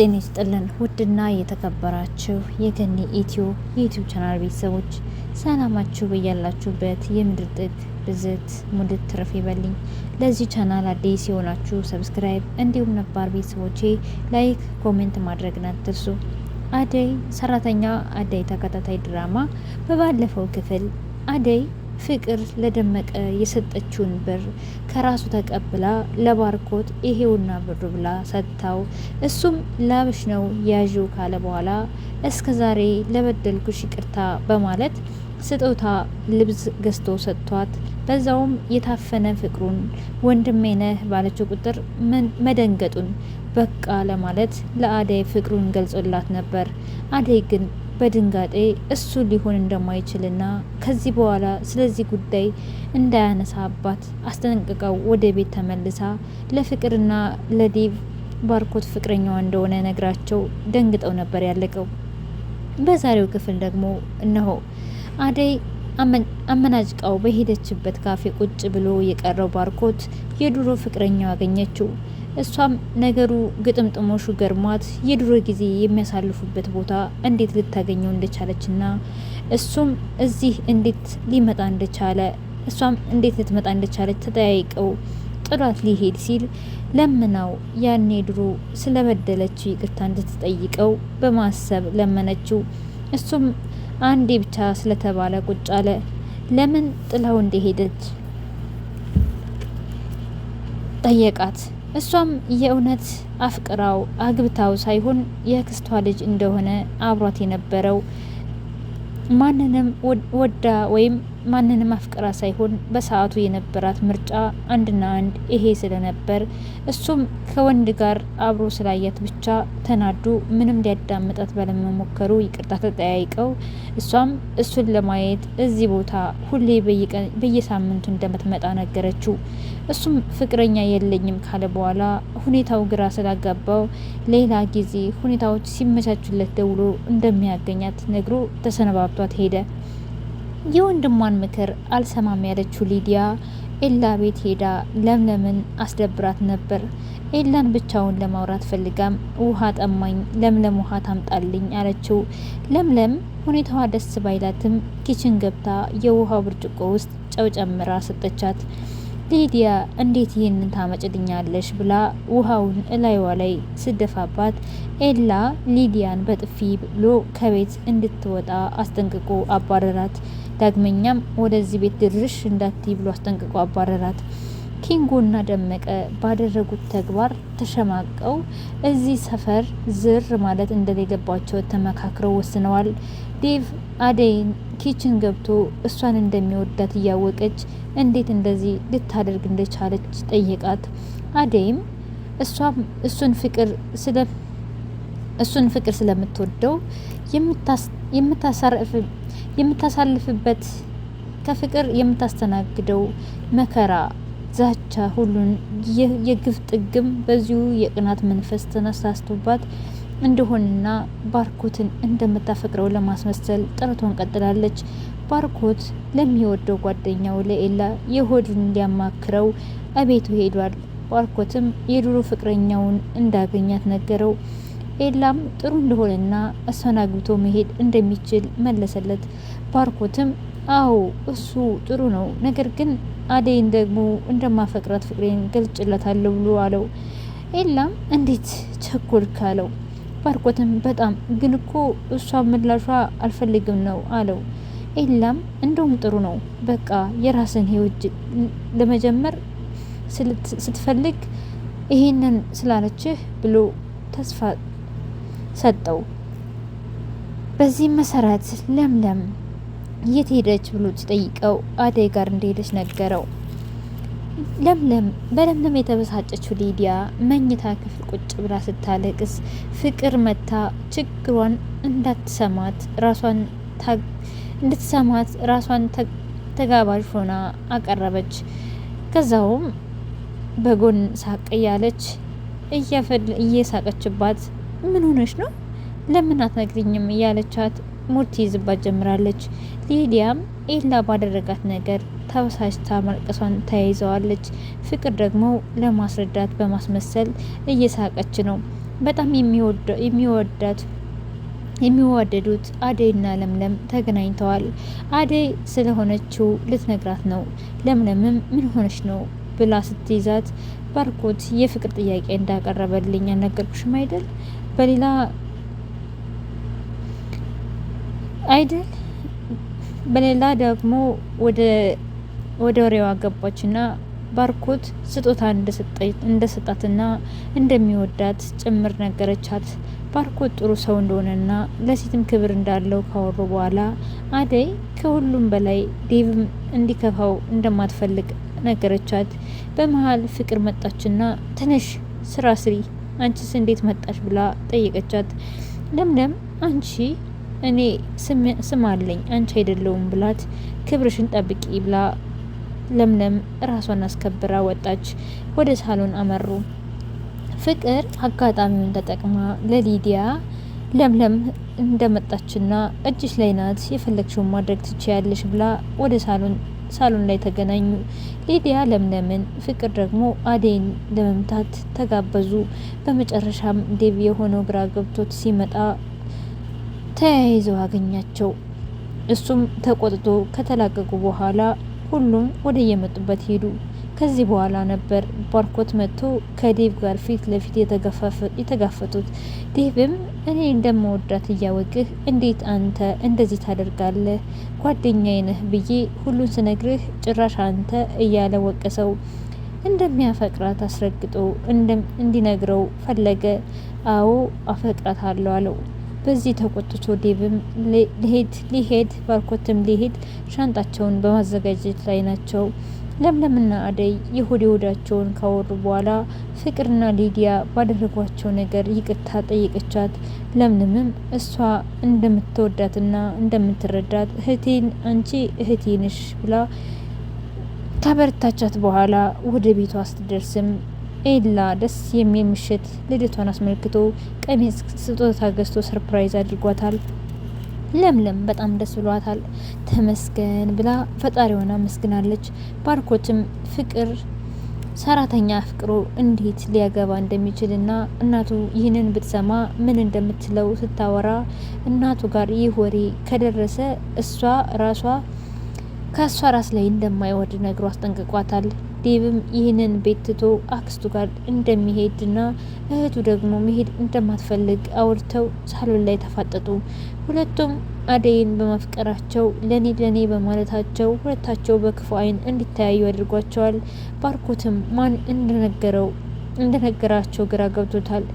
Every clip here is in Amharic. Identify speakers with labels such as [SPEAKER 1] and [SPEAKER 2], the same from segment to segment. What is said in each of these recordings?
[SPEAKER 1] ጤና ይስጥልን ውድና የተከበራችሁ የገኒ ኢትዮ የዩቲዩብ ቻናል ቤተሰቦች ሰላማችሁ በያላችሁበት የምድር ጥግ ብዝት ሙድት ትርፍ ይበልኝ። ለዚህ ቻናል አዲስ የሆናችሁ ሰብስክራይብ፣ እንዲሁም ነባር ቤተሰቦቼ ላይክ፣ ኮሜንት ማድረግን አትርሱ። አደይ ሰራተኛ አደይ ተከታታይ ድራማ በባለፈው ክፍል አደይ ፍቅር ለደመቀ የሰጠችውን ብር ከራሱ ተቀብላ ለባርኮት ይሄውና ብሩ ብላ ሰጥታው እሱም ላብሽ ነው ያዥው ካለ በኋላ እስከ ዛሬ ለበደልኩሽ ይቅርታ በማለት ስጦታ ልብስ ገዝቶ ሰጥቷት በዛውም የታፈነ ፍቅሩን ወንድሜ ነህ ባለችው ቁጥር መደንገጡን በቃ ለማለት ለአደይ ፍቅሩን ገልጾላት ነበር። አደይ ግን በድንጋጤ እሱ ሊሆን እንደማይችልና ከዚህ በኋላ ስለዚህ ጉዳይ እንዳያነሳ አባት አስጠንቅቀው ወደ ቤት ተመልሳ ለፍቅርና ለዴቭ ባርኮት ፍቅረኛዋ እንደሆነ ነግራቸው ደንግጠው ነበር ያለቀው። በዛሬው ክፍል ደግሞ እነሆ አደይ አመናጭቃው በሄደችበት ካፌ ቁጭ ብሎ የቀረው ባርኮት የድሮ ፍቅረኛው አገኘችው። እሷም ነገሩ ግጥምጥሞሹ ገርሟት የድሮ ጊዜ የሚያሳልፉበት ቦታ እንዴት ልታገኘው እንደቻለችና እሱም እዚህ እንዴት ሊመጣ እንደቻለ እሷም እንዴት ልትመጣ እንደቻለች ተጠያይቀው ጥሏት ሊሄድ ሲል ለምናው ያኔ ድሮ ስለበደለችው ይቅርታ እንድትጠይቀው በማሰብ ለመነችው። እሱም አንዴ ብቻ ስለተባለ ቁጭ አለ። ለምን ጥላው እንደሄደች ጠየቃት። እሷም የእውነት አፍቅራው አግብታው ሳይሆን የክስቷ ልጅ እንደሆነ አብሯት የነበረው ማንንም ወዳ ወይም ማንንም አፍቅራ ሳይሆን በሰዓቱ የነበራት ምርጫ አንድና አንድ ይሄ ስለነበር እሱም ከወንድ ጋር አብሮ ስላያት ብቻ ተናዱ ምንም ሊያዳምጣት ባለመሞከሩ ይቅርታ ተጠያይቀው እሷም እሱን ለማየት እዚህ ቦታ ሁሌ በየሳምንቱ እንደምትመጣ ነገረችው። እሱም ፍቅረኛ የለኝም ካለ በኋላ ሁኔታው ግራ ስላጋባው ሌላ ጊዜ ሁኔታዎች ሲመቻቹለት ደውሎ እንደሚያገኛት ነግሮ ተሰነባብቷት ሄደ። የወንድሟን ምክር አልሰማም ያለችው ሊዲያ ኤላ ቤት ሄዳ ለምለምን አስደብራት ነበር። ኤላን ብቻውን ለማውራት ፈልጋም ውሃ ጠማኝ፣ ለምለም ውሃ ታምጣልኝ አለችው። ለምለም ሁኔታዋ ደስ ባይላትም ኪችን ገብታ የውሃ ብርጭቆ ውስጥ ጨው ጨምራ ሰጠቻት። ሊዲያ እንዴት ይህንን ታመጭልኛለሽ ብላ ውሃውን እላይዋ ላይ ስደፋባት ኤላ ሊዲያን በጥፊ ብሎ ከቤት እንድትወጣ አስጠንቅቆ አባረራት። ዳግመኛም ወደዚህ ቤት ድርሽ እንዳትይ ብሎ አስጠንቅቆ አባረራት። ኪንጎና ደመቀ ባደረጉት ተግባር ተሸማቀው እዚህ ሰፈር ዝር ማለት እንደሌለባቸው ተመካክረው ወስነዋል። ዴቭ አደይን ኪችን ገብቶ እሷን እንደሚወዳት እያወቀች እንዴት እንደዚህ ልታደርግ እንደቻለች ጠየቃት። አደይም እሷም እሱን ፍቅር ስለ እሱን ፍቅር ስለምትወደው የምታሳልፍበት ከፍቅር የምታስተናግደው መከራ፣ ዛቻ፣ ሁሉን የግፍ ጥግም በዚሁ የቅናት መንፈስ ተነሳስቶባት እንደሆንና ባርኮትን እንደምታፈቅረው ለማስመሰል ጥረቷን ቀጥላለች። ባርኮት ለሚወደው ጓደኛው ለኤላ የሆዱን እንዲያማክረው እቤቱ ሄዷል። ባርኮትም የድሮ ፍቅረኛውን እንዳገኛት ነገረው። ኤላም ጥሩ እንደሆነና እሷን አግብቶ መሄድ እንደሚችል መለሰለት። ባርኮትም አዎ እሱ ጥሩ ነው፣ ነገር ግን አደይን ደግሞ እንደማፈቅራት ፍቅሬን ገልጭለታለሁ ብሎ አለው። ኤላም እንዴት ቸኮል ካለው ባርኮትም በጣም ግን እኮ እሷ ምላሿ አልፈልግም ነው አለው። ኤላም እንደውም ጥሩ ነው፣ በቃ የራስን ህይወት ለመጀመር ስትፈልግ ይሄንን ስላለችህ ብሎ ተስፋ ሰጠው። በዚህም መሰረት ለምለም የት ሄደች ብሎ ሲጠይቀው አደይ ጋር እንደሄደች ነገረው። ለምለም በለምለም የተበሳጨችው ሊዲያ መኝታ ክፍል ቁጭ ብላ ስታለቅስ ፍቅር መታ ችግሯን እንዳትሰማት ራሷን እንድትሰማት ራሷን ተጋባዥ ሆና አቀረበች። ከዛውም በጎን ሳቅ እያለች እየሳቀችባት ምን ሆነች ነው ለምን አትነግሪኝም? እያለቻት ሙድ ትይዝባት ጀምራለች። ሊዲያም ኤላ ባደረጋት ነገር ተበሳጭታ ማልቀሷን ተያይዘዋለች። ፍቅር ደግሞ ለማስረዳት በማስመሰል እየሳቀች ነው። በጣም የሚወዳት የሚዋደዱት አደይና ለምለም ተገናኝተዋል። አደይ ስለሆነችው ልትነግራት ነው። ለምለምም ምን ሆነች ነው ብላ ስትይዛት ባርኮት የፍቅር ጥያቄ እንዳቀረበልኝ ያነገርኩሽም አይደል በሌላ አይደል በሌላ ደግሞ ወደ ወደ ወሬዋ ገባችና ባርኮት ስጦታ እንደሰጣትና እንደሚወዳት ጭምር ነገረቻት። ባርኮት ጥሩ ሰው እንደሆነና ለሴትም ክብር እንዳለው ካወሩ በኋላ አደይ ከሁሉም በላይ ዴቭም እንዲከፋው እንደማትፈልግ ነገረቻት። በመሀል ፍቅር መጣችና ትንሽ ስራ ስሪ አንቺስ እንዴት መጣሽ ብላ ጠየቀቻት። ለምለም አንቺ እኔ ስም አለኝ አንቺ አይደለውም ብላት ክብርሽን ጠብቂ ብላ ለምለም ራሷን አስከብራ ወጣች። ወደ ሳሎን አመሩ። ፍቅር አጋጣሚውን ተጠቅማ ለሊዲያ ለምለም እንደመጣችና እጅሽ ላይ ናት የፈለግሽውን ማድረግ ትችያለሽ ብላ ወደ ሳሎን ሳሎን ላይ ተገናኙ። ሊዲያ ለምለምን፣ ፍቅር ደግሞ አደይን ለመምታት ተጋበዙ። በመጨረሻም ዴቭ የሆነው ግራ ገብቶት ሲመጣ ተያይዘው አገኛቸው። እሱም ተቆጥቶ ከተላቀቁ በኋላ ሁሉም ወደ የመጡበት ሄዱ። ከዚህ በኋላ ነበር ባርኮት መጥቶ ከዴቭ ጋር ፊት ለፊት የተጋፈጡት! ዴቭም እኔ እንደምወዳት እያወቅህ እንዴት አንተ እንደዚህ ታደርጋለህ? ጓደኛዬ ነህ ብዬ ሁሉን ስነግርህ ጭራሽ አንተ እያለ ወቀሰው። እንደሚያፈቅራት አስረግጦ እንዲነግረው ፈለገ። አዎ አፈቅራታለሁ አለው። በዚህ ተቆጥቶ ዴብም ሊሄድ ሊሄድ ባርኮትም ሊሄድ ሻንጣቸውን በማዘጋጀት ላይ ናቸው። ለምለምና አደይ የሆድ ሆዳቸውን ካወሩ በኋላ ፍቅርና ሊዲያ ባደረጓቸው ነገር ይቅርታ ጠየቀቻት። ለምለምም እሷ እንደምትወዳትና እንደምትረዳት እህቴን አንቺ እህቴ ነሽ ብላ ካበረታቻት በኋላ ወደ ቤቷ ስትደርስም ኤላ ደስ የሚል ምሽት ልደቷን አስመልክቶ ቀሚስ ስጦታ ገዝቶ ሰርፕራይዝ አድርጓታል። ለምለም በጣም ደስ ብሏታል። ተመስገን ብላ ፈጣሪዋን አመስግናለች። ባርኮትም ፍቅር ሰራተኛ ፍቅሩ እንዴት ሊያገባ እንደሚችልና እናቱ ይህንን ብትሰማ ምን እንደምትለው ስታወራ እናቱ ጋር ይህ ወሬ ከደረሰ እሷ ራሷ ከእሷ ራስ ላይ እንደማይወድ ነግሮ አስጠንቅቋታል። ዴብም ይህንን ቤት ትቶ አክስቱ ጋር እንደሚሄድና እህቱ ደግሞ መሄድ እንደማትፈልግ አውርተው ሳሎን ላይ ተፋጠጡ። ሁለቱም አደይን በማፍቀራቸው ለኔ ለኔ በማለታቸው ሁለታቸው በክፉ አይን እንዲተያዩ አድርጓቸዋል። ባርኮትም ማን እንደነገረው እንደነገራቸው ግራ ገብቶታል።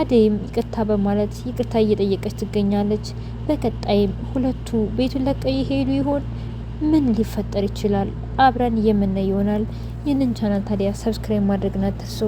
[SPEAKER 1] አደይም ይቅርታ በማለት ይቅርታ እየጠየቀች ትገኛለች። በቀጣይም ሁለቱ ቤቱን ለቀው ይሄዱ ይሆን? ምን ሊፈጠር ይችላል? አብረን የምናይ ይሆናል። ይህንን ቻናል ታዲያ ሰብስክራይብ ማድረግን አትርሱ።